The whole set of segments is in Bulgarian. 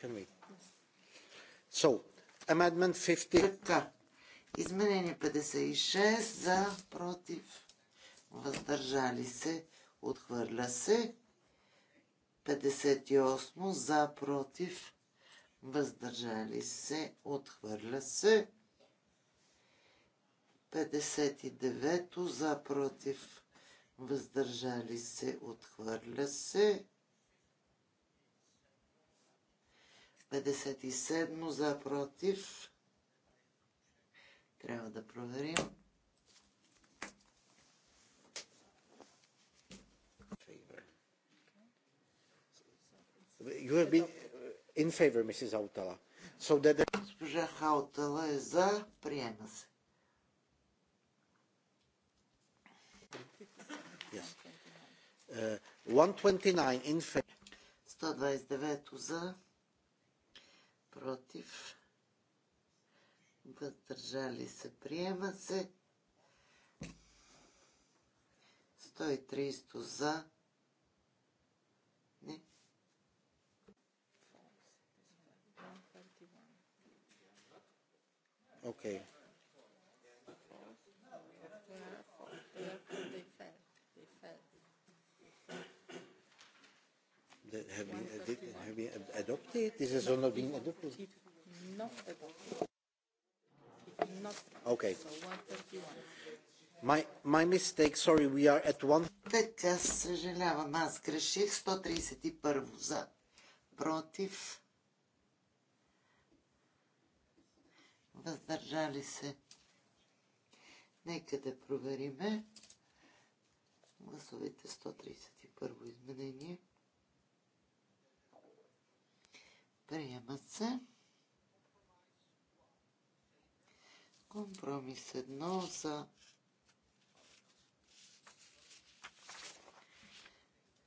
Can we? So, amendment 50. Така. Изменение 56 за против. Въздържали се. Отхвърля се. 58 за против. Въздържали се. Отхвърля се. 59 за против. Въздържали се. Отхвърля се. 57 за против. Трябва да проверим. You have been in favor, Mrs. Hautala. So that... Госпожа Хаутала е за, приема се. Yes. Uh, 129 in favor. 129 за, против, въздържали се, приема се. 130 за. Не. Окей. Okay. That have you? did, have we adopted? This has not been adopted. Not adopted. Not okay. So 131. My, my mistake, sorry, we are at one... Така, съжалявам, аз греших. 131 за. Против. Въздържали се. Нека да провериме. Гласовете 131 изменение. Приема се. Компромис едно за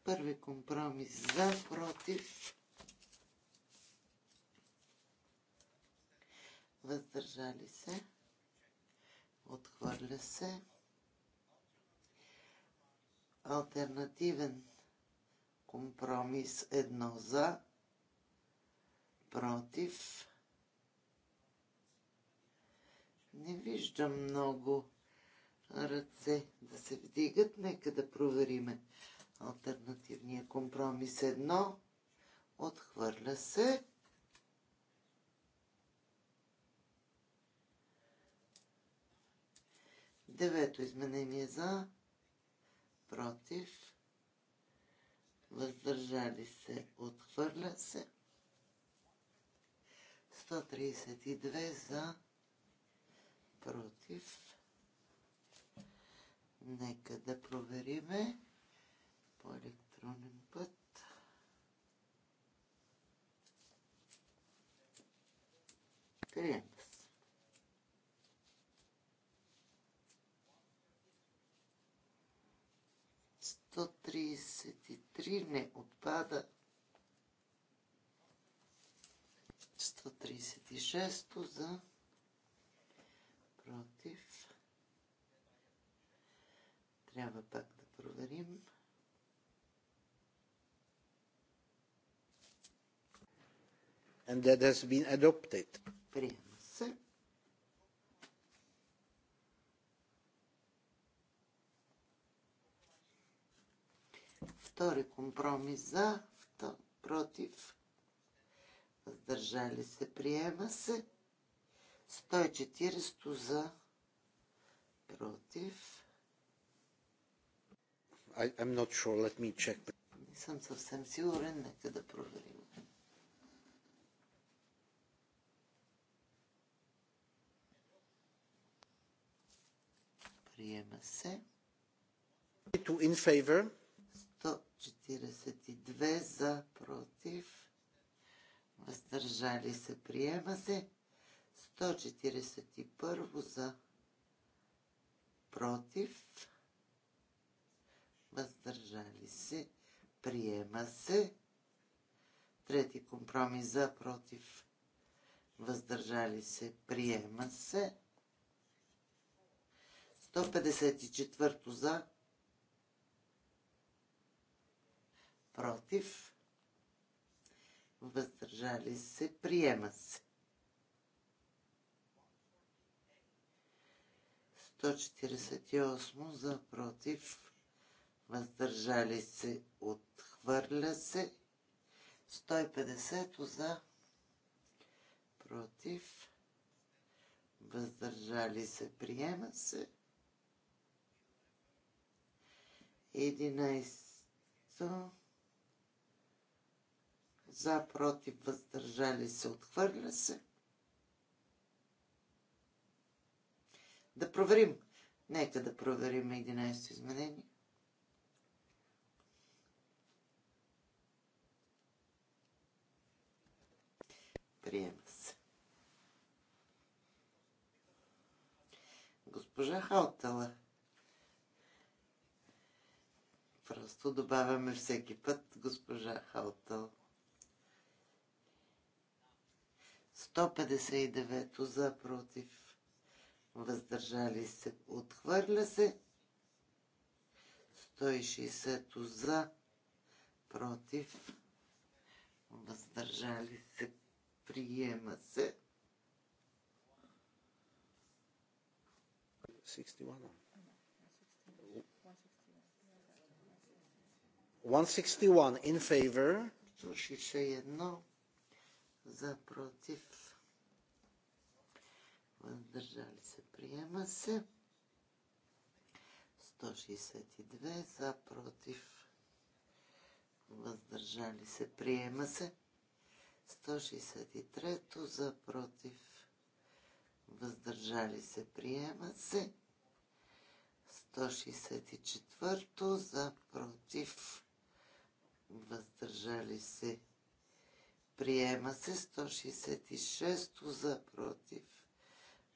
първи компромис за, против, въздържали се, отхвърля се, альтернативен компромис едно за, против. Не виждам много ръце да се вдигат. Нека да провериме альтернативния компромис. Едно. Отхвърля се. Девето изменение за. Против. Въздържали се. Отхвърля се. 132 за против. Нека да провериме по електронен път. Приема се. Сто тридесет и три не отпада. 136 за против. Трябва пак да проверим. And that has been adopted. Приема се. Втори компромис за, против въздържали се, приема се. 140 за, против. I, I'm not sure, let me check. Не съм съвсем сигурен, нека да проверим. Приема се. In favor. 142 за, против въздържали се, приема се. 141 за против, въздържали се, приема се. Трети компромис за против, въздържали се, приема се. 154 за против, въздържали се, приема се. 148 за против, въздържали се, отхвърля се. 150 за против, въздържали се, приема се. 11 за, против, въздържали се, отхвърля се. Да проверим. Нека да проверим 11 изменение. Приема се. Госпожа Халтала. Просто добавяме всеки път госпожа Халтала. 159 за против. Въздържали се. Отхвърля се. 160 за против. Въздържали се. Приема се. 161 in favor. 161 за против. Въздържали се. Приема се. 162 за против. Въздържали се. Приема се. 163 за против. Въздържали се. Приема се. 164 за против. Въздържали се. Приема се 166 за против.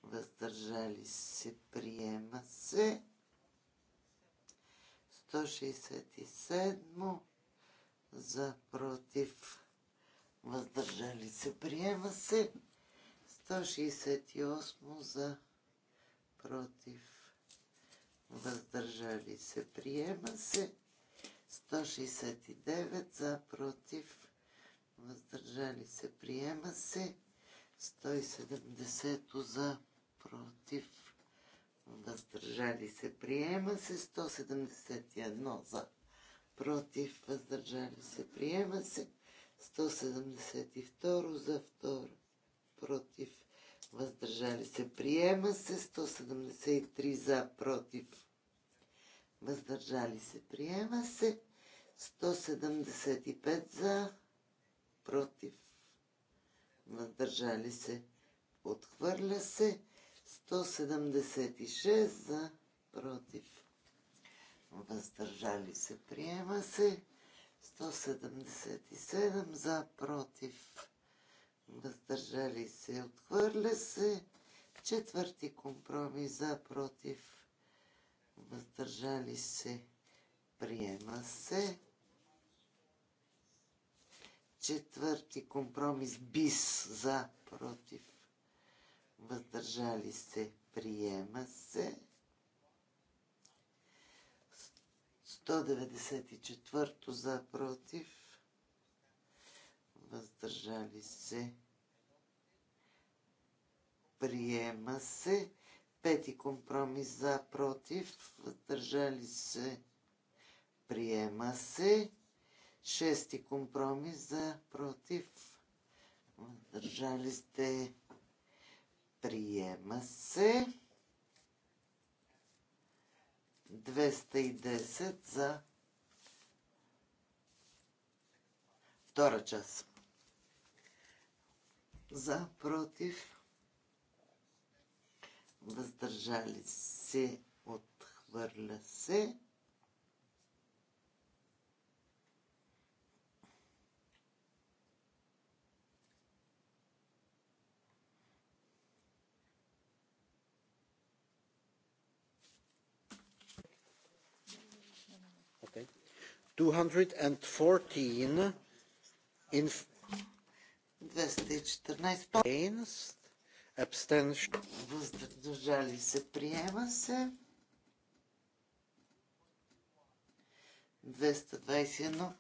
Въздържали се. Приема се. 167 за против. Въздържали се. Приема се. 168 за против. Въздържали се. Приема се. 169 за против въздържали се, приема се. 170 за, против, въздържали се, приема се. 171 за, против, въздържали се, приема се. 172 за, второ, против, въздържали се, приема се. 173 за, против, въздържали се, приема се. 175 за, против, въздържали се, отхвърля се, 176 за, против, въздържали се, приема се, 177 за, против, въздържали се, отхвърля се, четвърти компромис за, против, въздържали се, приема се, Четвърти компромис БИС за против. Въздържали се. Приема се. 194 за против. Въздържали се. Приема се. Пети компромис за против. Въздържали се. Приема се. Шести компромис за против. Въздържали сте. Приема се. 210 за втора част. За против. Въздържали се. Отхвърля се. 214 214 abstention. Въздържали се, приема се. 221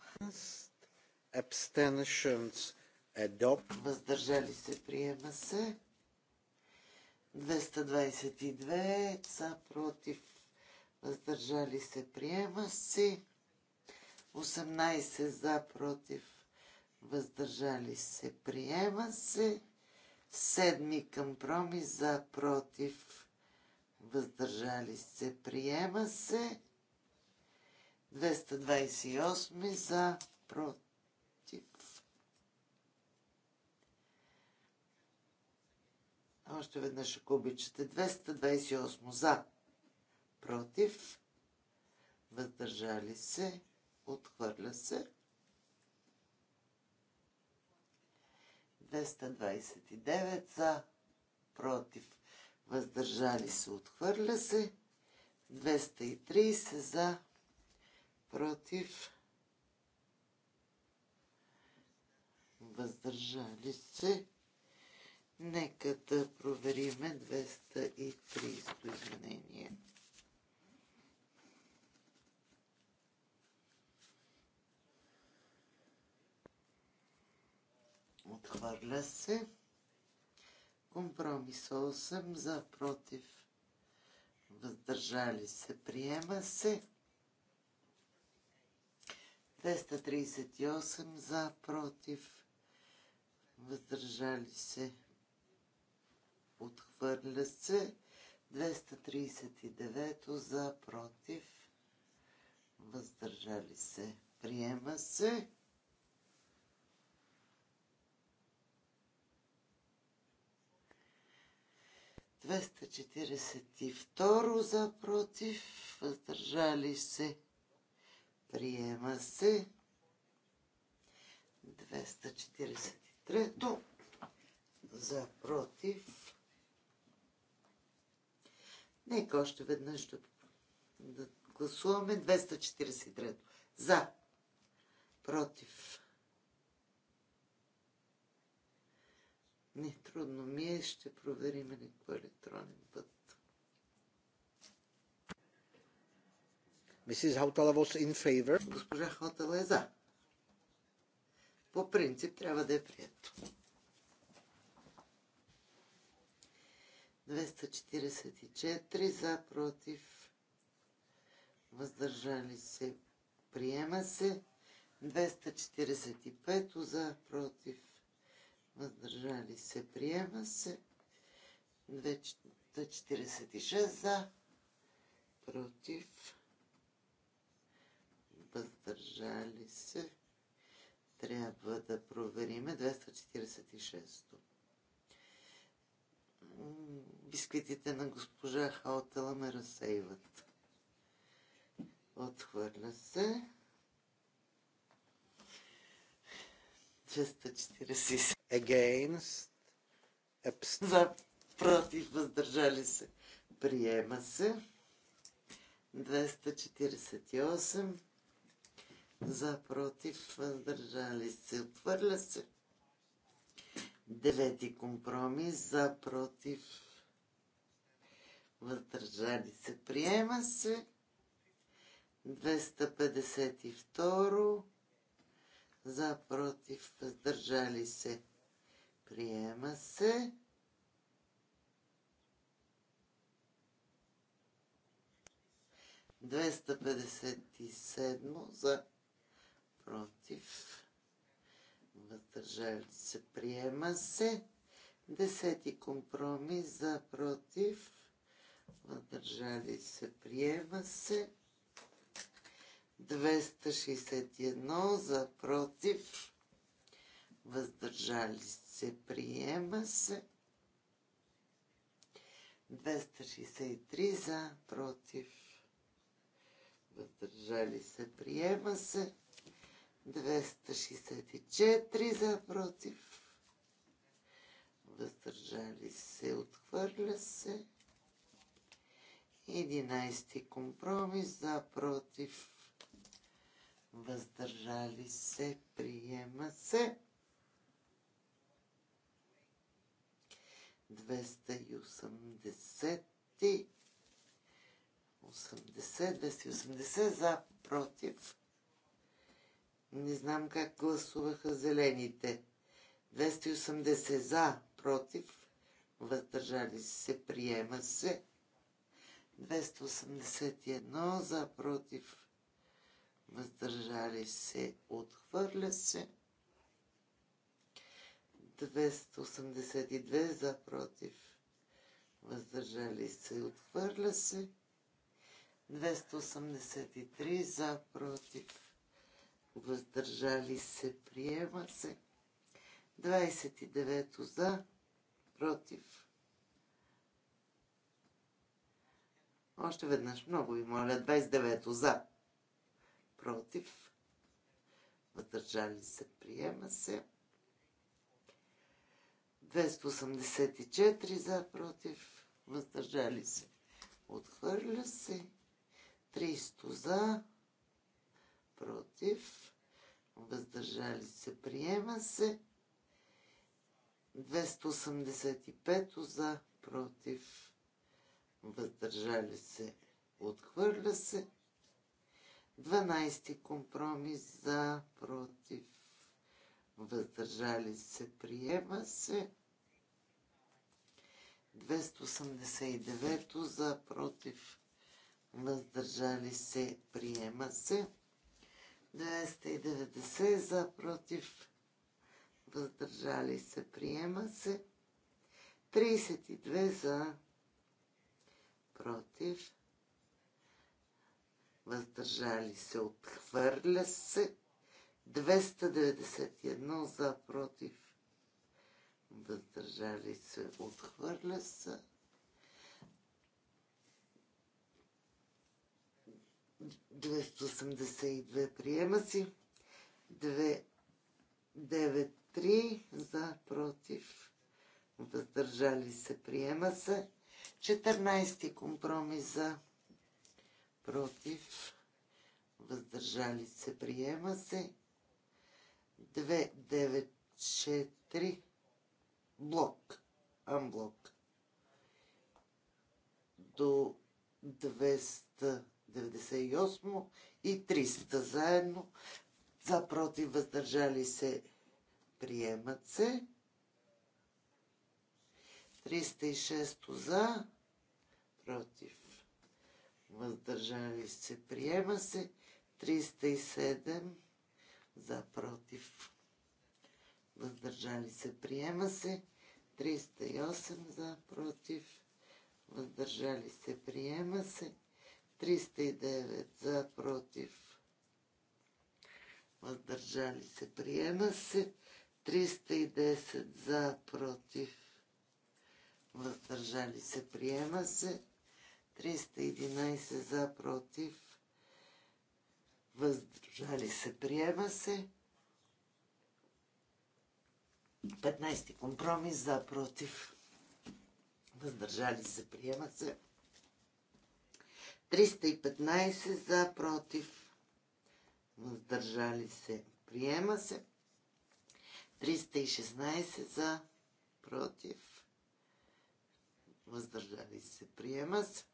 abstentions adopt. Въздържали се, приема се. 222 са против. Въздържали се, приема се. 18 за, против, въздържали се, приема се. Седми компромис за, против, въздържали се, приема се. 228 за, против. Още веднъж, ако обичате, 228 за, против, въздържали се, Отхвърля се. 229 за, против, въздържали се, отхвърля се. 230 за, против, въздържали се. Нека да Отхвърля се. Компромис 8 за против. Въздържали се. Приема се. 238 за против. Въздържали се. Отхвърля се. 239 за против. Въздържали се. Приема се. 242 за против, въздържали се, приема се. 243 за против. Нека още веднъж да, да гласуваме 243 за против. Не, трудно ми е, Ще проверим по електронен път. Mrs. Hautala was in favor. Госпожа Хаутала е за. По принцип трябва да е прието. 244 за, против, въздържали се, приема се. 245 за, против, въздържали се, приема се. 246 за, против, въздържали се. Трябва да провериме 246-то. Бисквитите на госпожа Халтела ме разсейват. Отхвърля се. 247. Against. Abstain. За, против, въздържали се. Приема се. 248. За, против, въздържали се. Отвърля се. Девети компромис. За, против, въздържали се. Приема се. 252 за против, въздържали се. Приема се. Двеста и седмо за против. Въздържали се. Приема се. Десети компромис за против. Въздържали се. Приема се. 261 за против. Въздържали се. Приема се. 263 за против. Въздържали се. Приема се. 264 за против. Въздържали се. Отхвърля се. 11 компромис за против въздържали се, приема се. 280 80, 280 за, против. Не знам как гласуваха зелените. 280 за, против. Въздържали се, приема се. 281 за, против въздържали се, отхвърля се. 282 за против, въздържали се, отхвърля се. 283 за против, въздържали се, приема се. 29 за против. Още веднъж, много ви моля, 29 за против, въздържали се, приема се. 284 за, против, въздържали се, отхвърля се. 300 за, против, въздържали се, приема се. 285 за, против, въздържали се, отхвърля се. 12 компромис за, против, въздържали се, приема се. 289 за, против, въздържали се, приема се. 290 за, против, въздържали се, приема се. 32 за, против, въздържали се, отхвърля се. 291 за, против, въздържали се, отхвърля се. 282 приема си. 293 за, против, въздържали се, приема се. 14 компромис за против, въздържали се, приема се. 294 блок, амблок до 298 и 300 заедно. За против въздържали се приемат се. 306 за против въздържали се, приема се. 307 за против, въздържали се, приема се. 308 за против, въздържали се, приема се. 309 за против, въздържали се, приема се. 310 за против, въздържали се, приема се. 311 за, против, въздържали се, приема се. 15 компромис за, против, въздържали се, приема се. 315 за, против, въздържали се, приема се. 316 за, против, въздържали се, приема се.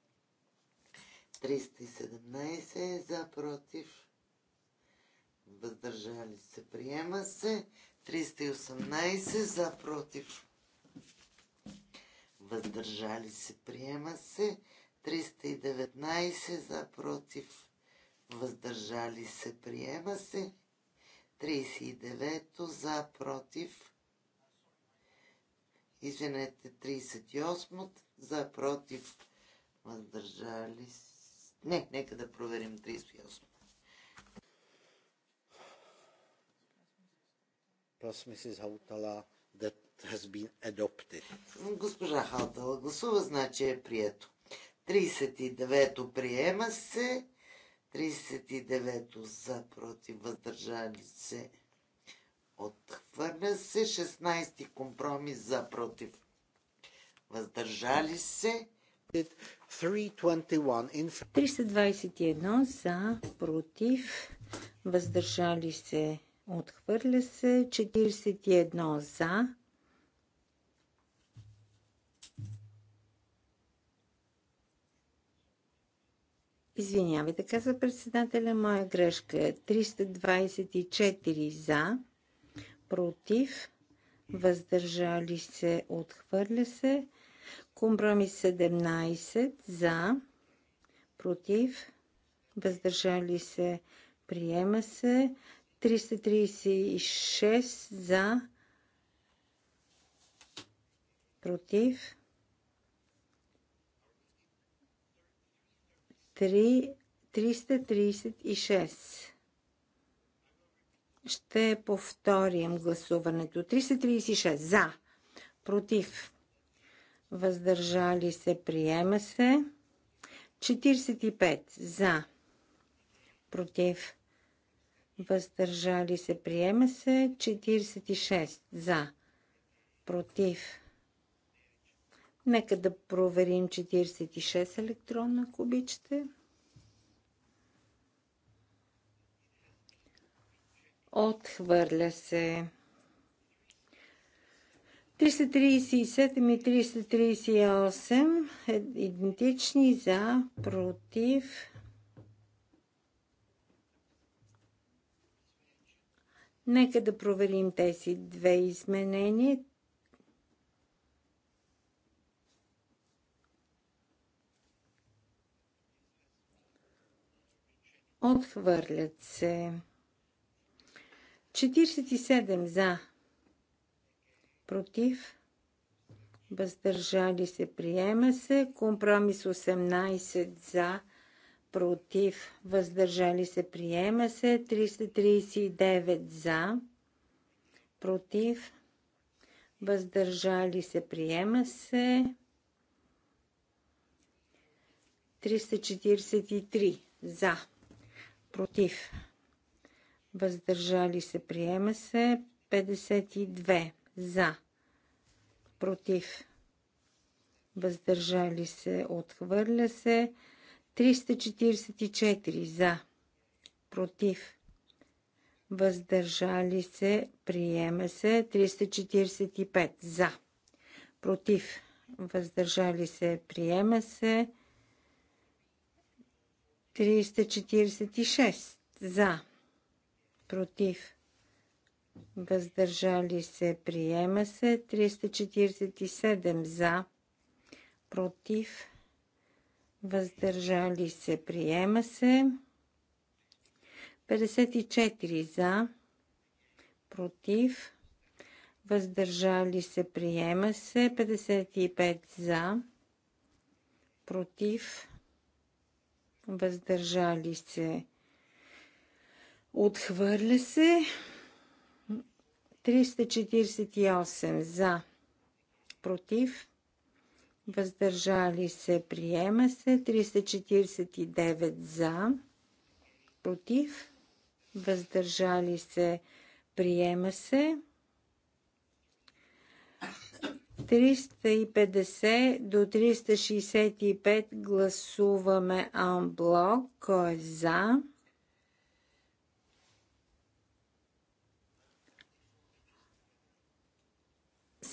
317 за против. Въздържали се. Приема се. 318 за против. Въздържали се. Приема се. 319 за против. Въздържали се. Приема се. 39 за против. Извинете, 38 за против. Въздържали се. Не, нека да проверим 38. Plus Mrs. Hautala that has been adopted. Госпожа Халтала гласува, значи е прието. 39-то приема се. 39-то за против въздържали се. Отхвърля се. 16-ти компромис за против въздържали се. 321 за, против, въздържали се, отхвърля се, 41 за. Извинявайте, каза председателя, моя грешка е 324 за, против, въздържали се, отхвърля се, Компромис 17 за, против, въздържали се, приема се. 336 за, против. 336. Ще повторим гласуването. 336 за, против въздържали се, приема се. 45 за, против, въздържали се, приема се. 46 за, против. Нека да проверим 46 електронна, ако Отхвърля се. 337 и 338 е идентични за, против. Нека да проверим тези две изменения. Отхвърлят се. 47 за, против, въздържали се, приема се. Компромис 18 за, против, въздържали се, приема се. 339 за, против, въздържали се, приема се. 343 за, против, въздържали се, приема се. 52 за, против, въздържали се, отхвърля се. 344 за, против, въздържали се, приема се. 345 за, против, въздържали се, приема се. 346 за, против, въздържали се, приема се. 347 за, против, въздържали се, приема се. 54 за, против, въздържали се, приема се. 55 за, против, въздържали се, отхвърля се. 348 за, против, въздържали се, приема се. 349 за, против, въздържали се, приема се. 350 до 365 гласуваме анблок. Кой е за?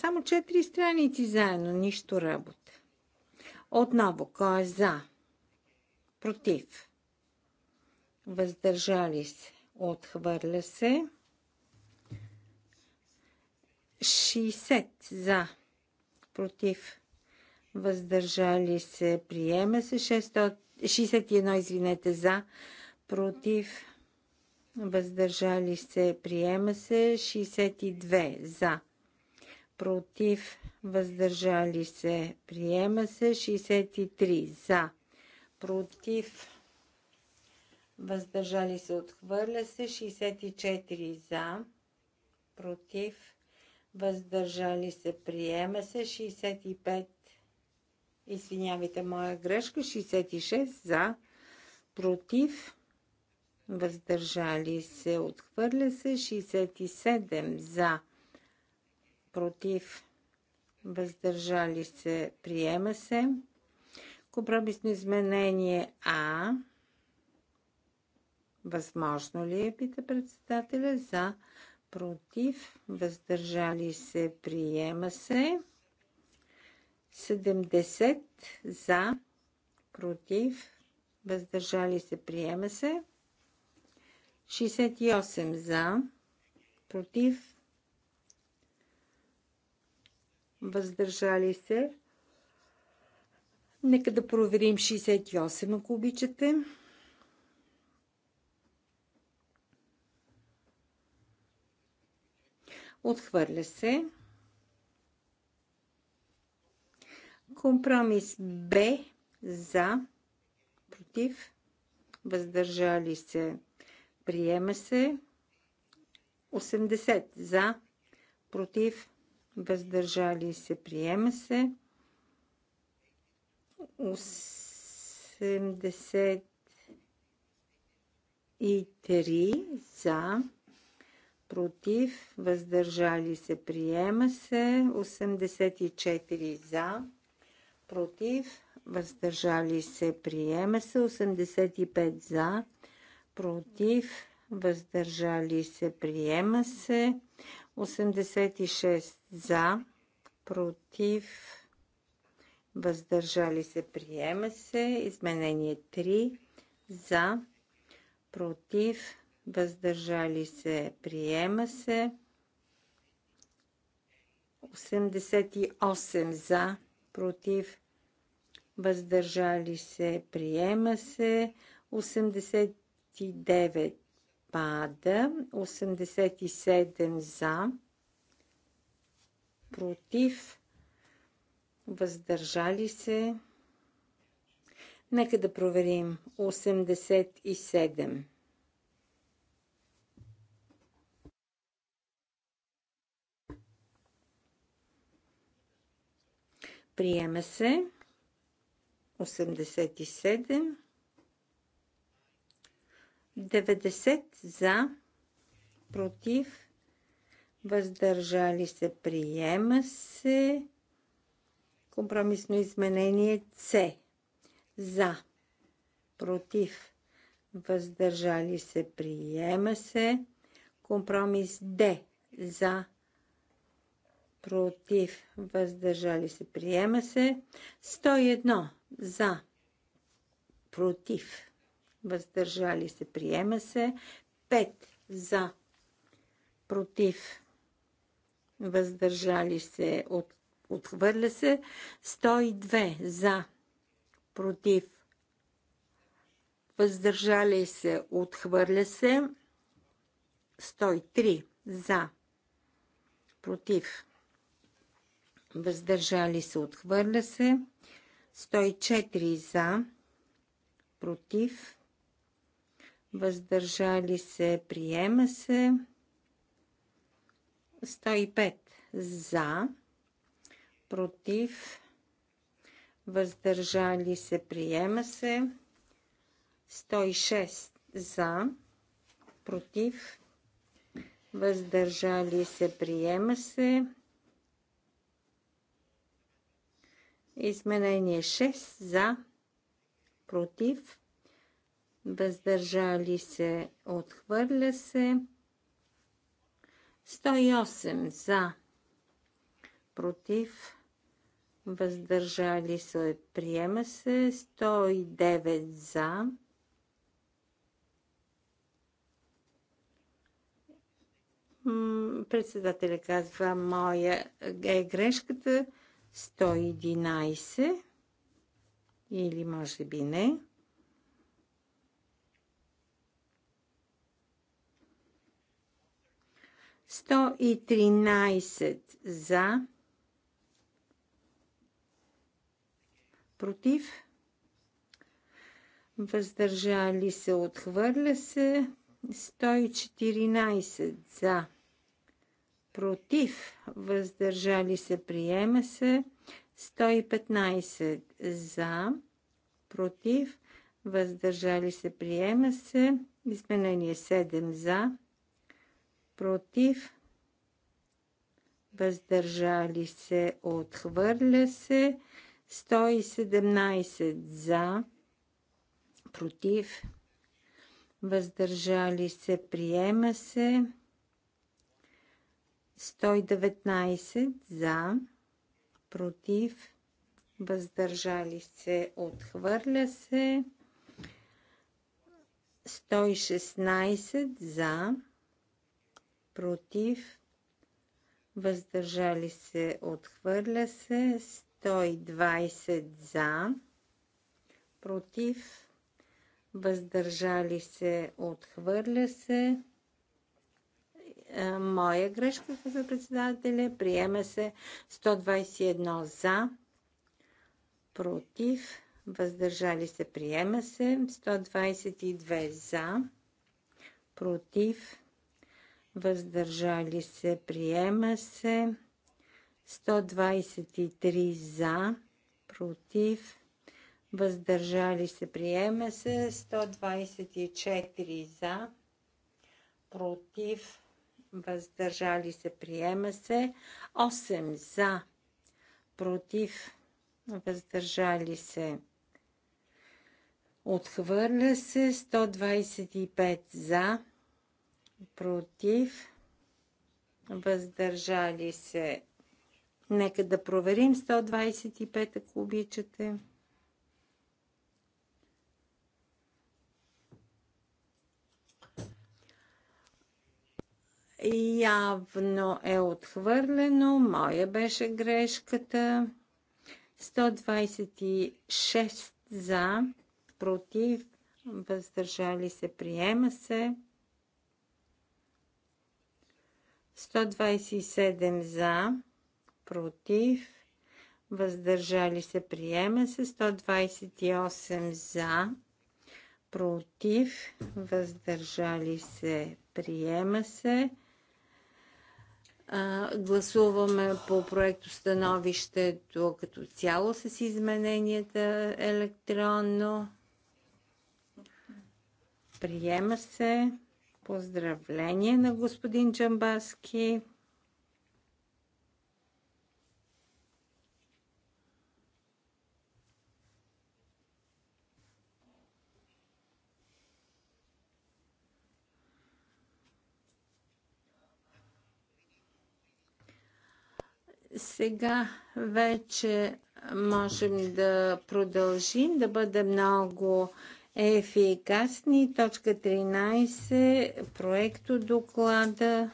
Само четири страници заедно, нищо работа. Отново, кой е за? Против. Въздържали се. Отхвърля се. 60 за. Против. Въздържали се. Приема се 600... 61, извинете, за. Против. Въздържали се. Приема се 62 за против, въздържали се, приема се 63 за, против, въздържали се, отхвърля се 64 за, против, въздържали се, приема се 65, извинявайте, моя грешка, 66 за, против, въздържали се, отхвърля се 67 за, против, въздържали се, приема се. Компромисно изменение А. Възможно ли е, пита председателя, за, против, въздържали се, приема се. 70 за, против, въздържали се, приема се. 68 за, против, въздържали се. Нека да проверим 68, ако обичате. Отхвърля се. Компромис Б за, против, въздържали се, приема се. 80 за, против, въздържали се, приема се. 83 за, против, въздържали се, приема се. 84 за, против, въздържали се, приема се. 85 за, против, въздържали се, приема се. 86 за, против, въздържали се, приема се. Изменение 3 за, против, въздържали се, приема се. 88 за, против, въздържали се, приема се. 89 пада, 87 за, против, въздържали се. Нека да проверим 87. Приема се 87. 90 за, против, въздържали се, приема се. Компромисно изменение С. За, против, въздържали се, приема се. Компромис Д. За, против, въздържали се, приема се. 101. За, против, въздържали се, приема се. 5. За, против, въздържали се, от, отхвърля се. 102 за, против, въздържали се, отхвърля се. 103 за, против, въздържали се, отхвърля се. 104 за, против, въздържали се, приема се. 105 за, против, въздържали се, приема се. 106 за, против, въздържали се, приема се. Изменение 6 за, против, въздържали се, отхвърля се. 108 за, против, въздържали се, приема се, 109 за, председателя казва, моя е грешката 111 или може би не. 113 за, против, въздържали се, отхвърля се, 114 за, против, въздържали се, приема се, 115 за, против, въздържали се, приема се, изменение 7 за, против, въздържали се, отхвърля се, 117 за, против, въздържали се, приема се, 119 за, против, въздържали се, отхвърля се, 116 за, против, въздържали се, отхвърля се, 120 за, против, въздържали се, отхвърля се. Е, моя грешка за председателя, приема се 121 за, против, въздържали се, приема се, 122 за, против, въздържали се, приема се. 123 за, против, въздържали се, приема се. 124 за, против, въздържали се, приема се. 8 за, против, въздържали се. Отхвърля се 125 за, против, въздържали се. Нека да проверим 125, ако обичате. Явно е отхвърлено. Моя беше грешката. 126 за, против, въздържали се, приема се. 127 за, против, въздържали се, приема се. 128 за, против, въздържали се, приема се. гласуваме по проекто становището като цяло с измененията електронно. Приема се. Поздравление на господин Джамбаски. Сега вече можем да продължим да бъдем много ефикасни. Точка 13. Проекто доклада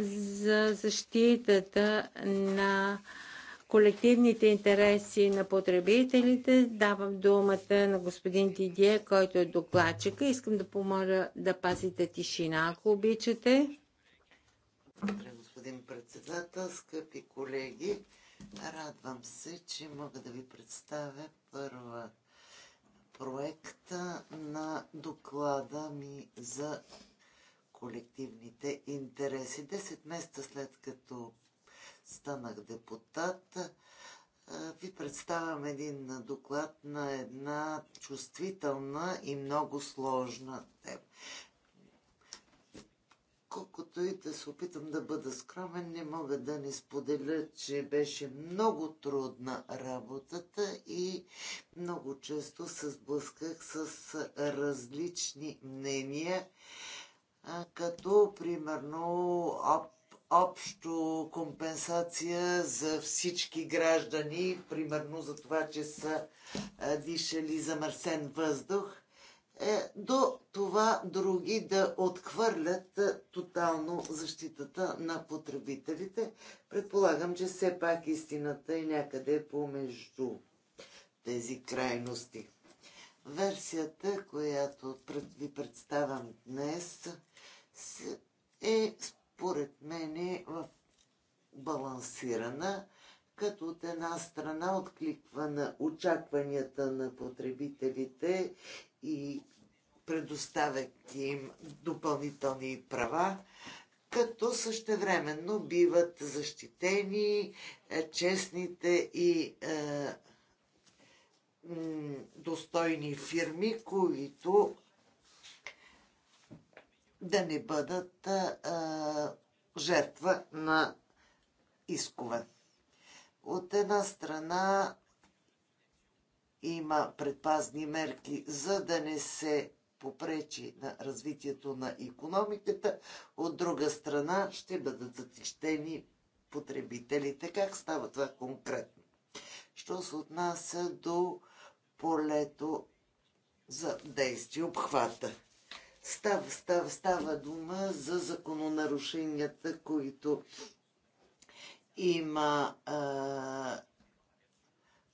за защитата на колективните интереси на потребителите. Давам думата на господин Дидие, който е докладчика. Искам да помоля да пазите тишина, ако обичате. Благодаря, господин председател, скъпи колеги. Радвам се, че мога да ви представя първа проекта на доклада ми за колективните интереси. Десет месеца след като станах депутат, ви представям един доклад на една чувствителна и много сложна тема колкото и да се опитам да бъда скромен, не мога да не споделя, че беше много трудна работата и много често се сблъсках с различни мнения, като примерно об, общо компенсация за всички граждани, примерно за това, че са дишали замърсен въздух – е до това други да отхвърлят е, тотално защитата на потребителите. Предполагам, че все пак истината е някъде помежду тези крайности. Версията, която ви представям днес, е според мен в балансирана като от една страна откликва на очакванията на потребителите и предоставяйки им допълнителни права, като същевременно биват защитени е, честните и е, достойни фирми, които да не бъдат е, е жертва на искове. От една страна има предпазни мерки, за да не се попречи на развитието на економиката, от друга страна ще бъдат затищени потребителите. Как става това конкретно? Що се отнася до полето за действие, обхвата? Става, става, става дума за закононарушенията, които има а,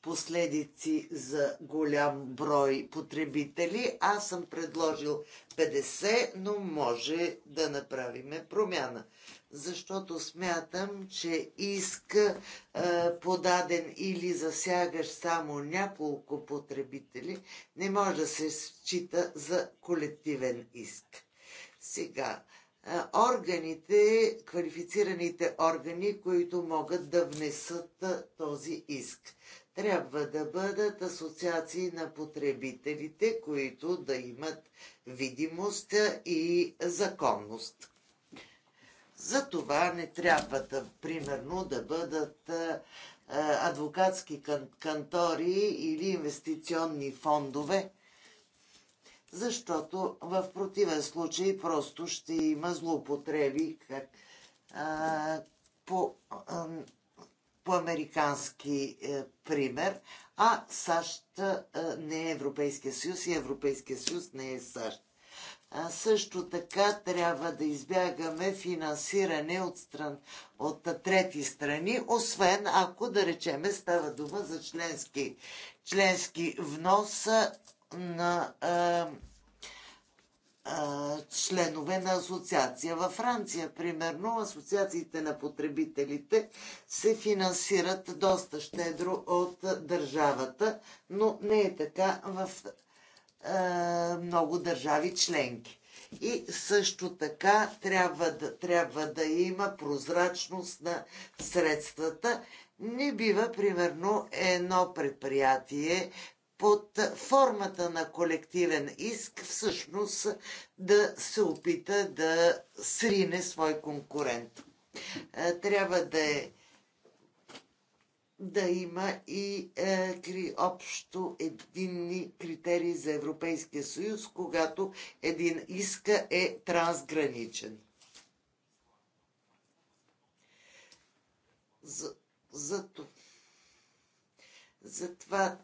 последици за голям брой потребители. Аз съм предложил 50, но може да направиме промяна. Защото смятам, че иск а, подаден или засягаш само няколко потребители, не може да се счита за колективен иск. Сега, органите, квалифицираните органи, които могат да внесат този иск. Трябва да бъдат асоциации на потребителите, които да имат видимост и законност. За това не трябва, да, примерно, да бъдат адвокатски кантори или инвестиционни фондове, защото в противен случай просто ще има злоупотреби как, а, по, а, по американски а, е, пример, а САЩ а, не е Европейския съюз и Европейския съюз не е САЩ. А също така трябва да избягаме финансиране от, стран, от трети страни, освен ако, да речеме, става дума за членски, членски внос на а, а, членове на асоциация. Във Франция, примерно, асоциациите на потребителите се финансират доста щедро от държавата, но не е така в а, много държави членки. И също така трябва да, трябва да има прозрачност на средствата. Не бива, примерно, едно предприятие под формата на колективен иск всъщност да се опита да срине свой конкурент. Е, трябва да е да има и е, кри, общо единни критерии за Европейския съюз, когато един иска е трансграничен. За, за, затова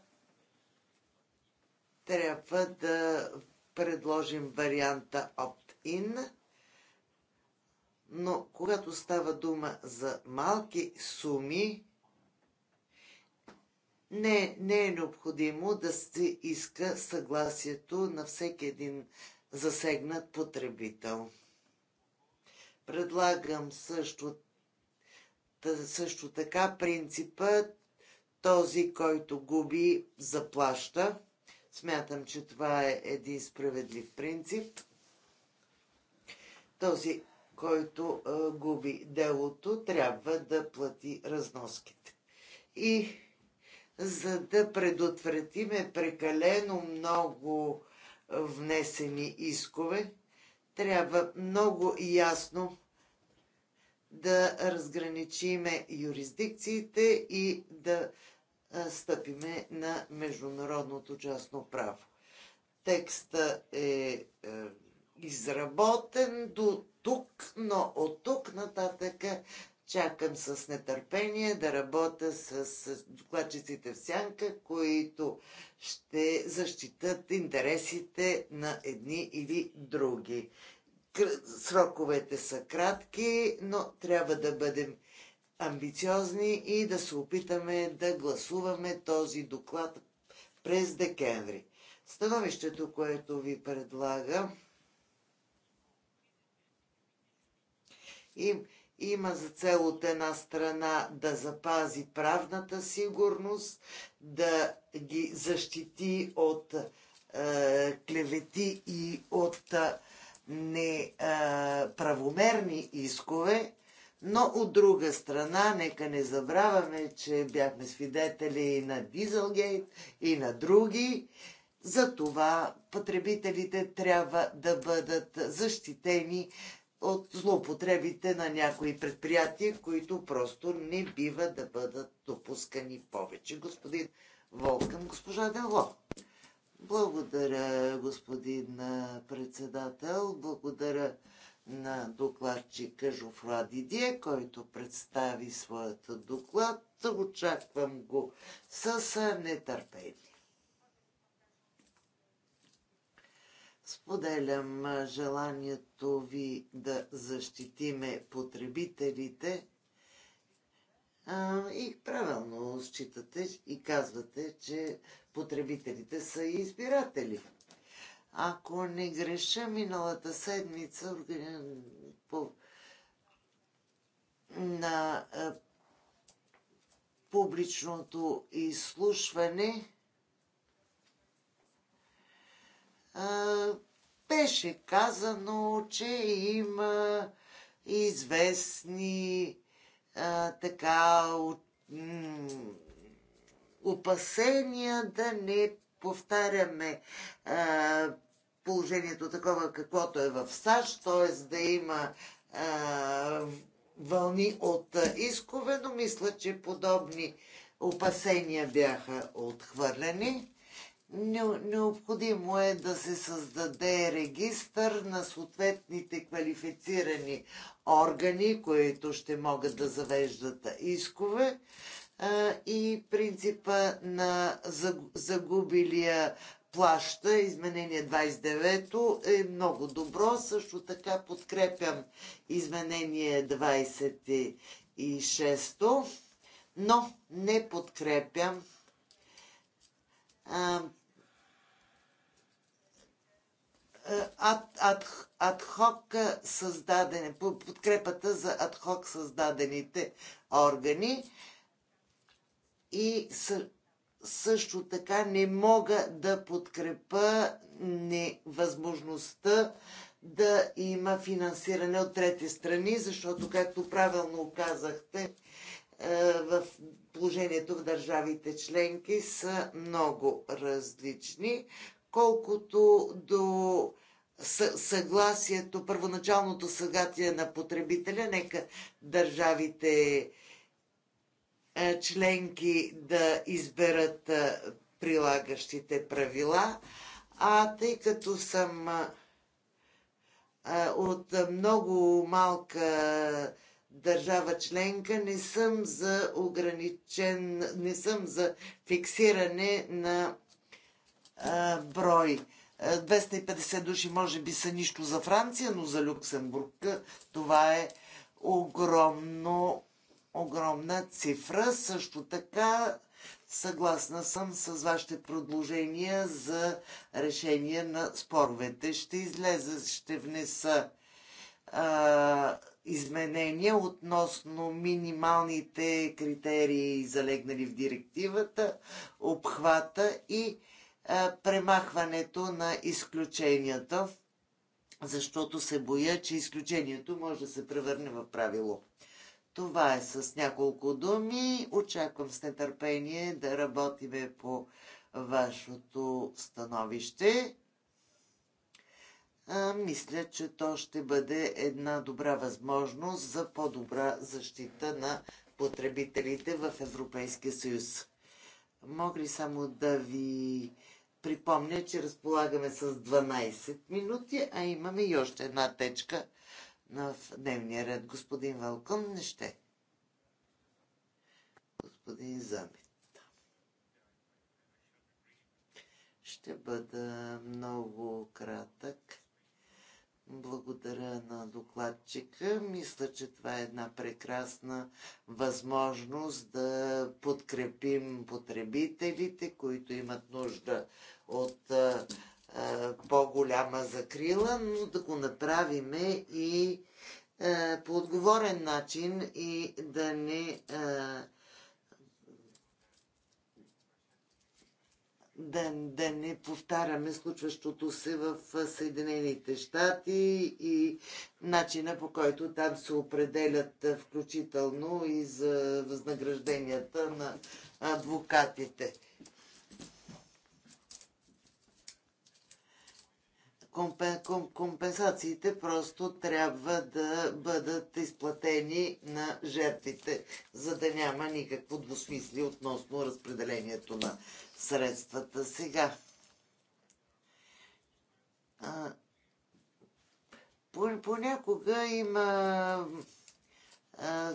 трябва да предложим варианта opt-in, но когато става дума за малки суми, не, не е необходимо да се иска съгласието на всеки един засегнат потребител. Предлагам също, също така принципът този, който губи, заплаща. Смятам, че това е един справедлив принцип. Този, който а, губи делото, трябва да плати разноските. И за да предотвратиме прекалено много внесени искове, трябва много ясно да разграничиме юрисдикциите и да стъпиме на международното частно право. Текста е, е изработен до тук, но от тук нататък чакам с нетърпение да работя с, с докладчиците в сянка, които ще защитат интересите на едни или други. Сроковете са кратки, но трябва да бъдем амбициозни и да се опитаме да гласуваме този доклад през декември. Становището, което ви предлага, им, има за цел от една страна да запази правната сигурност, да ги защити от е, клевети и от е, неправомерни е, искове, но от друга страна, нека не забравяме, че бяхме свидетели и на Дизелгейт, и на други. Затова потребителите трябва да бъдат защитени от злоупотребите на някои предприятия, които просто не бива да бъдат допускани повече. Господин Волкъм, госпожа Дело. Благодаря, господин председател. Благодаря на докладчика Жофра Дидие, който представи своята доклад. Очаквам го с нетърпение. Споделям желанието ви да защитиме потребителите а, и правилно считате и казвате, че потребителите са избиратели. Ако не греша, миналата седмица по, на а, е, публичното изслушване а, е, беше казано, че има известни а, е, така от, опасения да не повтаряме положението такова, каквото е в САЩ, т.е. да има вълни от искове, но мисля, че подобни опасения бяха отхвърлени. Необходимо е да се създаде регистър на съответните квалифицирани органи, които ще могат да завеждат искове и принципа на загубилия плаща. Изменение 29 то е много добро. Също така подкрепям изменение 26, то но не подкрепям адхок създадене, подкрепата за адхок създадените органи и също така не мога да подкрепа невъзможността да има финансиране от трети страни, защото, както правилно казахте, е, в положението в държавите членки са много различни, колкото до съгласието, първоначалното съгласие на потребителя, нека държавите е, членки да изберат е, прилагащите правила, а тъй като съм е, от много малка държава членка, не съм за ограничен, не съм за фиксиране на брой. 250 души може би са нищо за Франция, но за Люксембург това е огромно огромна цифра. Също така съгласна съм с вашите предложения за решение на споровете. Ще излезе, ще внеса а, изменения относно минималните критерии, залегнали в директивата, обхвата и а, премахването на изключенията, защото се боя, че изключението може да се превърне в правило. Това е с няколко думи. Очаквам с нетърпение да работиме по вашето становище. А, мисля, че то ще бъде една добра възможност за по-добра защита на потребителите в Европейския съюз. Мога ли само да ви припомня, че разполагаме с 12 минути, а имаме и още една течка на дневния ред. Господин Валкън не ще. Господин Замет. Ще бъда много кратък. Благодаря на докладчика. Мисля, че това е една прекрасна възможност да подкрепим потребителите, които имат нужда от по-голяма закрила, но да го направиме и по отговорен начин и да не да, да не повтаряме случващото се в Съединените щати и начина по който там се определят включително и за възнагражденията на адвокатите. компенсациите просто трябва да бъдат изплатени на жертвите, за да няма никакво двусмисли относно разпределението на средствата. Сега. понякога има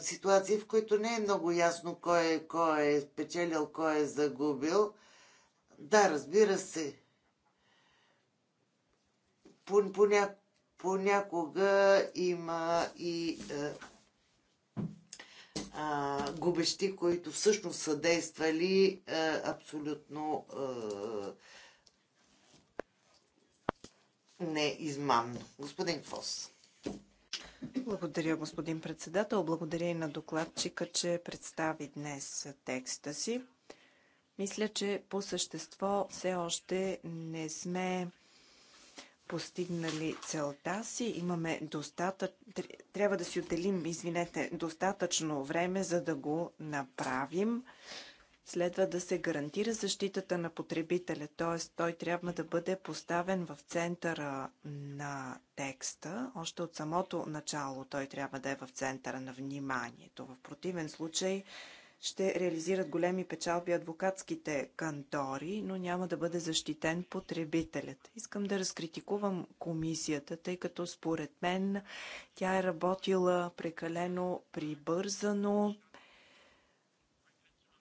ситуации, в които не е много ясно кой е, кой е спечелил, кой е загубил. Да, разбира се поня, понякога има и а, е, а, губещи, които всъщност са действали а, е, абсолютно а, е, неизмамно. Господин Фос. Благодаря, господин председател. Благодаря и на докладчика, че представи днес текста си. Мисля, че по същество все още не сме постигнали целта си. Имаме достатъч... Трябва да си отделим, извинете, достатъчно време, за да го направим. Следва да се гарантира защитата на потребителя, т.е. той трябва да бъде поставен в центъра на текста. Още от самото начало той трябва да е в центъра на вниманието. В противен случай ще реализират големи печалби адвокатските кантори, но няма да бъде защитен потребителят. Искам да разкритикувам комисията, тъй като според мен тя е работила прекалено прибързано.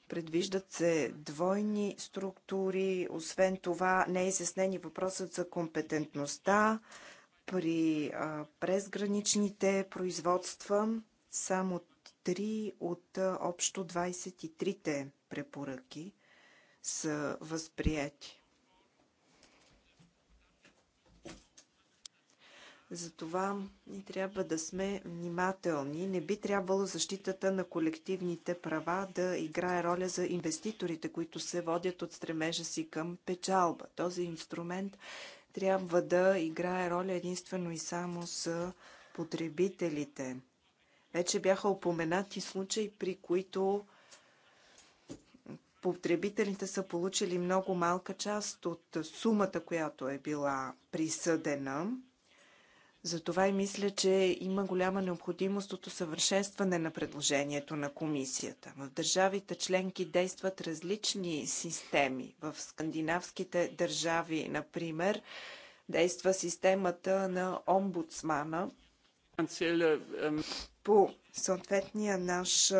Предвиждат се двойни структури, освен това не е изяснен и въпросът за компетентността при а, презграничните производства. Само Три от общо 23-те препоръки са възприяти. Затова ни трябва да сме внимателни. Не би трябвало защитата на колективните права да играе роля за инвеститорите, които се водят от стремежа си към печалба. Този инструмент трябва да играе роля единствено и само за потребителите. Вече бяха упоменати случаи, при които потребителите са получили много малка част от сумата, която е била присъдена. Затова и мисля, че има голяма необходимост от усъвършенстване на предложението на комисията. В държавите членки действат различни системи. В скандинавските държави, например, действа системата на омбудсмана – по съответния наш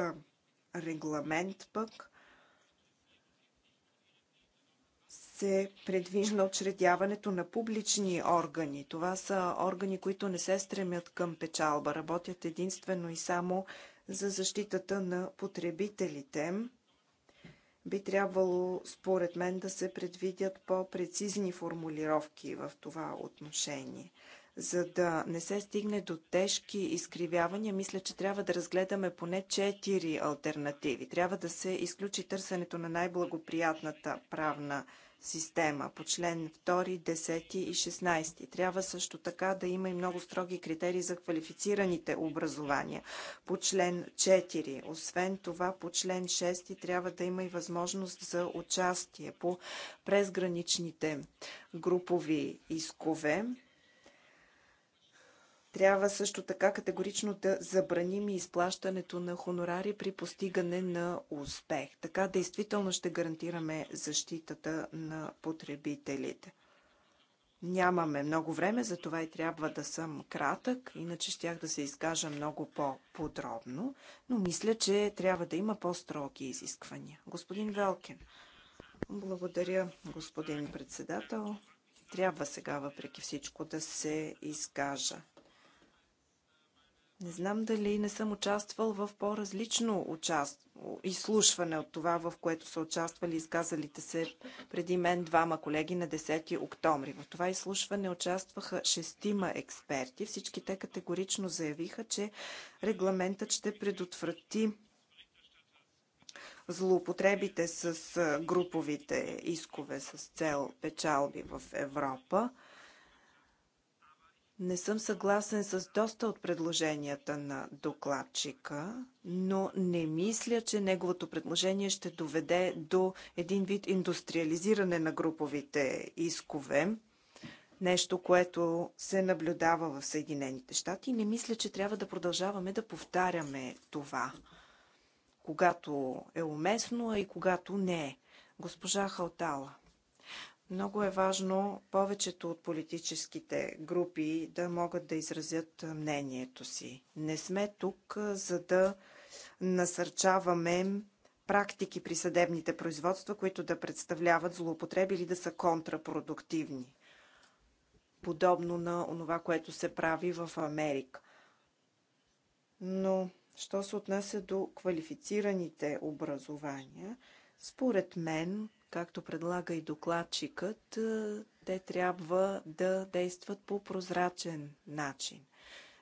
регламент пък се предвижда учредяването на публични органи. Това са органи, които не се стремят към печалба, работят единствено и само за защитата на потребителите. Би трябвало, според мен, да се предвидят по-прецизни формулировки в това отношение. За да не се стигне до тежки изкривявания, мисля, че трябва да разгледаме поне 4 альтернативи. Трябва да се изключи търсенето на най-благоприятната правна система по член 2, 10 и 16. Трябва също така да има и много строги критерии за квалифицираните образования по член 4. Освен това, по член 6 трябва да има и възможност за участие по презграничните групови искове. Трябва също така категорично да забраним изплащането на хонорари при постигане на успех. Така действително ще гарантираме защитата на потребителите. Нямаме много време, затова и трябва да съм кратък, иначе щях да се изкажа много по-подробно, но мисля, че трябва да има по-строги изисквания. Господин Велкин, благодаря, господин председател. Трябва сега, въпреки всичко, да се изкажа. Не знам дали не съм участвал в по-различно участ... изслушване от това, в което са участвали изказалите се преди мен двама колеги на 10 октомври. В това изслушване участваха шестима експерти. Всички те категорично заявиха, че регламентът ще предотврати злоупотребите с груповите искове с цел печалби в Европа – не съм съгласен с доста от предложенията на докладчика, но не мисля, че неговото предложение ще доведе до един вид индустриализиране на груповите искове. Нещо, което се наблюдава в Съединените щати. Не мисля, че трябва да продължаваме да повтаряме това, когато е уместно, а и когато не е. Госпожа Халтала. Много е важно повечето от политическите групи да могат да изразят мнението си. Не сме тук, за да насърчаваме практики при съдебните производства, които да представляват злоупотреби или да са контрапродуктивни. Подобно на онова, което се прави в Америка. Но, що се отнася до квалифицираните образования, според мен както предлага и докладчикът, е, те трябва да действат по прозрачен начин.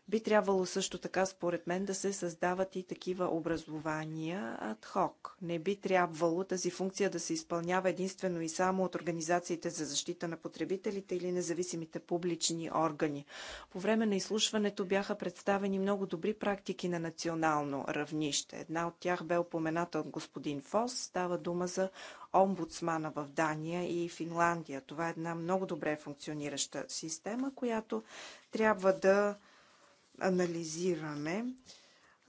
Би трябвало също така, според мен, да се създават и такива образования адхок. Не би трябвало тази функция да се изпълнява единствено и само от организациите за защита на потребителите или независимите публични органи. По време на изслушването бяха представени много добри практики на национално равнище. Една от тях бе упомената от господин Фос. Става дума за омбудсмана в Дания и Финландия. Това е една много добре функционираща система, която трябва да анализираме.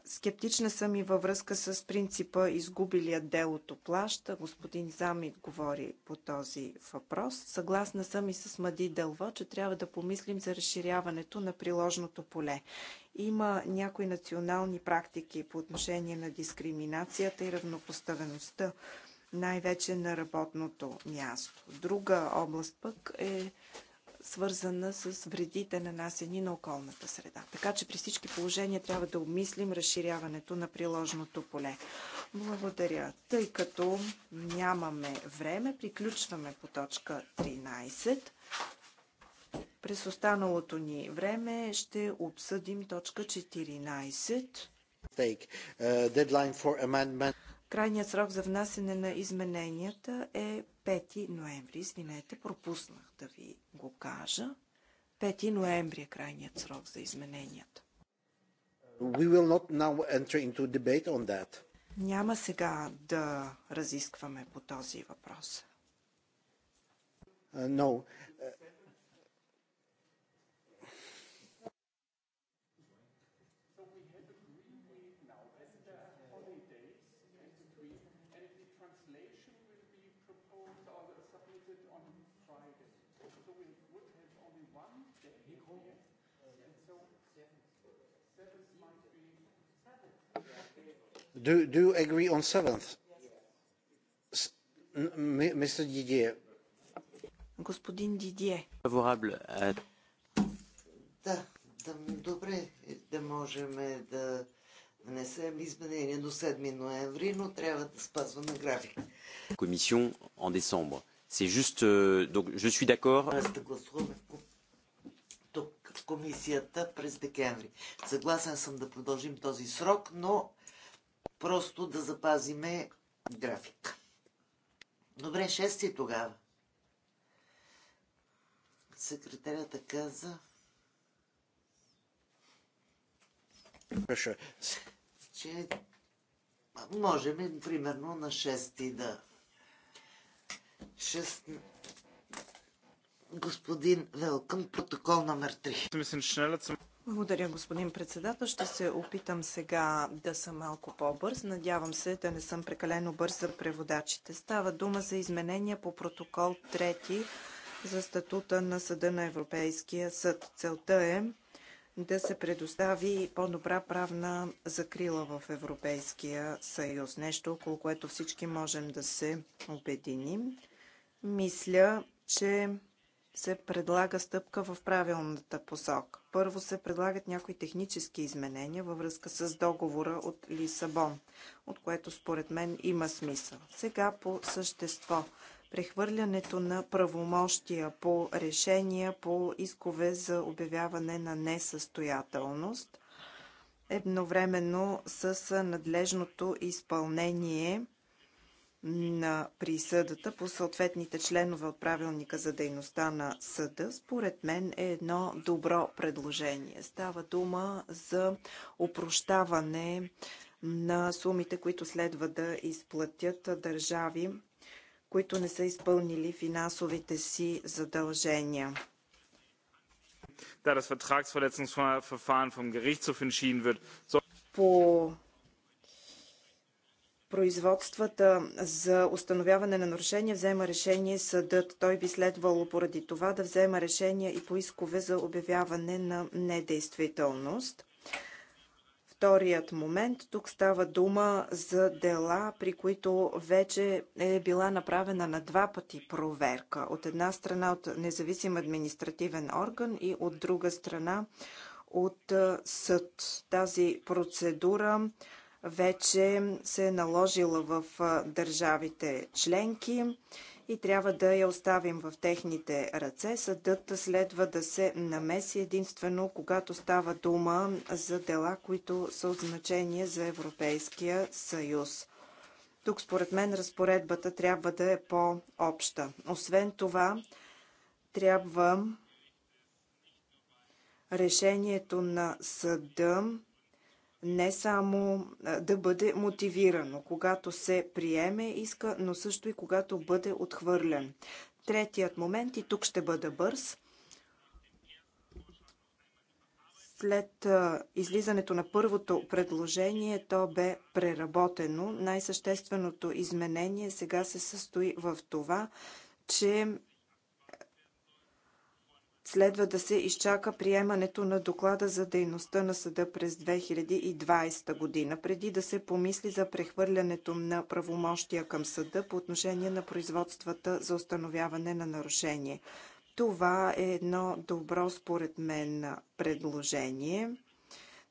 Скептична съм и във връзка с принципа Изгубилият делото плаща. Господин Замит говори по този въпрос. Съгласна съм и с Мади Дълва, че трябва да помислим за разширяването на приложното поле. Има някои национални практики по отношение на дискриминацията и равнопоставеността най-вече на работното място. Друга област пък е свързана с вредите нанасени на околната среда. Така че при всички положения трябва да обмислим разширяването на приложното поле. Благодаря. Тъй като нямаме време, приключваме по точка 13. През останалото ни време ще обсъдим точка 14. Крайният срок за внасене на измененията е 5 ноември. Извинете, пропуснах да ви го кажа. 5 ноември е крайният срок за измененията. We will not now enter into debate on that. Няма сега да разискваме по този въпрос. Uh, no. do, do you agree on 7th? Mr. Didier. Господин Дидие. Favorable. Да, да, добре, да можем да внесем изменения до 7 ноември, но трябва да спазваме график. Комисион en décembre. C'est juste, euh, donc je suis d'accord. комисията през декември. Съгласен съм да продължим този срок, но просто да запазиме график. Добре, 6 тогава. Секретарята каза... Че можем, примерно, на 6 да... Шест. Господин Велкъм, протокол номер 3. че благодаря, господин председател. Ще се опитам сега да съм малко по-бърз. Надявам се да не съм прекалено бърз за преводачите. Става дума за изменения по протокол 3 за статута на Съда на Европейския съд. Целта е да се предостави по-добра правна закрила в Европейския съюз. Нещо, около което всички можем да се обединим. Мисля, че се предлага стъпка в правилната посока. Първо се предлагат някои технически изменения във връзка с договора от Лисабон, от което според мен има смисъл. Сега по същество. Прехвърлянето на правомощия по решения по искове за обявяване на несъстоятелност едновременно с надлежното изпълнение на присъдата по съответните членове от правилника за дейността на съда, според мен е едно добро предложение. Става дума за опрощаване на сумите, които следва да изплатят държави, които не са изпълнили финансовите си задължения. По производствата за установяване на нарушения взема решение съдът. Той би следвало поради това да взема решения и по искове за обявяване на недействителност. Вторият момент. Тук става дума за дела, при които вече е била направена на два пъти проверка. От една страна от независим административен орган и от друга страна от съд. Тази процедура вече се е наложила в държавите членки и трябва да я оставим в техните ръце. Съдът следва да се намеси единствено, когато става дума за дела, които са от значение за Европейския съюз. Тук според мен разпоредбата трябва да е по-обща. Освен това, трябва решението на съда не само да бъде мотивирано, когато се приеме иска, но също и когато бъде отхвърлен. Третият момент, и тук ще бъда бърз, след излизането на първото предложение, то бе преработено. Най-същественото изменение сега се състои в това, че Следва да се изчака приемането на доклада за дейността на съда през 2020 година, преди да се помисли за прехвърлянето на правомощия към съда по отношение на производствата за установяване на нарушение. Това е едно добро, според мен, предложение.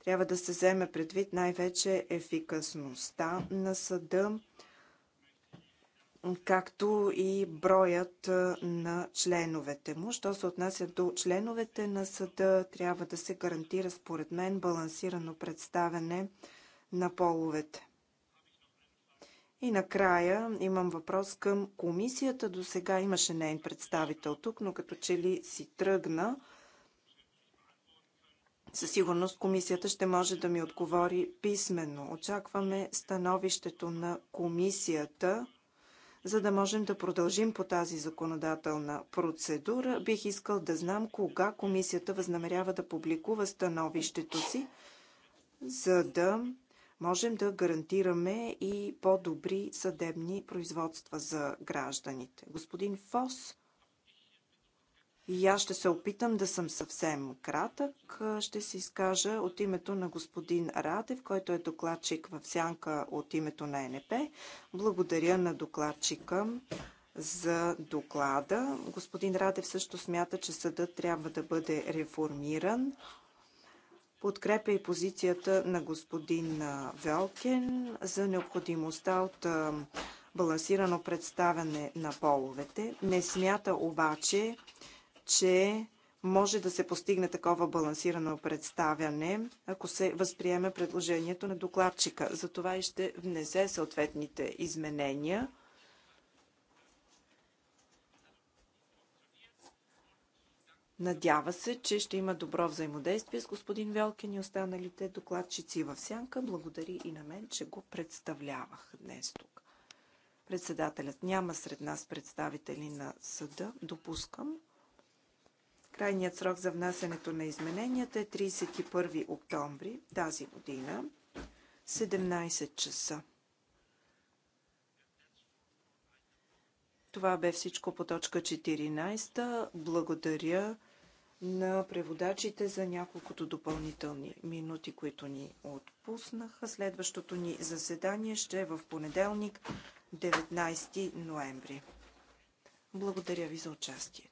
Трябва да се вземе предвид най-вече ефикасността на съда, както и броят на членовете му. Що се отнася до членовете на съда, трябва да се гарантира, според мен, балансирано представяне на половете. И накрая имам въпрос към комисията. До сега имаше нейн представител тук, но като че ли си тръгна, със сигурност комисията ще може да ми отговори писменно. Очакваме становището на комисията за да можем да продължим по тази законодателна процедура, бих искал да знам кога комисията възнамерява да публикува становището си, за да можем да гарантираме и по-добри съдебни производства за гражданите. Господин Фос и аз ще се опитам да съм съвсем кратък. Ще се изкажа от името на господин Радев, който е докладчик в сянка от името на НП. Благодаря на докладчика за доклада. Господин Радев също смята, че съдът трябва да бъде реформиран. Подкрепя и позицията на господин Велкен за необходимостта от балансирано представяне на половете. Не смята обаче, че може да се постигне такова балансирано представяне, ако се възприеме предложението на докладчика. За това и ще внесе съответните изменения. Надява се, че ще има добро взаимодействие с господин Велкин и останалите докладчици в сянка. Благодари и на мен, че го представлявах днес тук. Председателят няма сред нас представители на съда. Допускам. Крайният срок за внасянето на измененията е 31 октомври тази година, 17 часа. Това бе всичко по точка 14. Благодаря на преводачите за няколкото допълнителни минути, които ни отпуснаха. Следващото ни заседание ще е в понеделник, 19 ноември. Благодаря ви за участие.